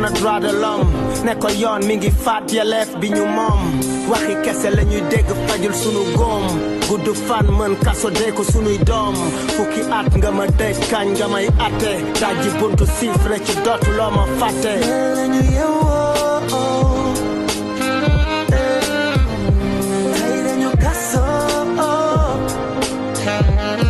na droit de l'homme ne ko yoon mi ngi faat ya bi ñu mom waxi kesse fajul sunu gom guddu fan man kasso ko dom fukki at nga ma dëj kañ nga may até dajji buntu sifre ci dot lo ma Thank you.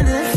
money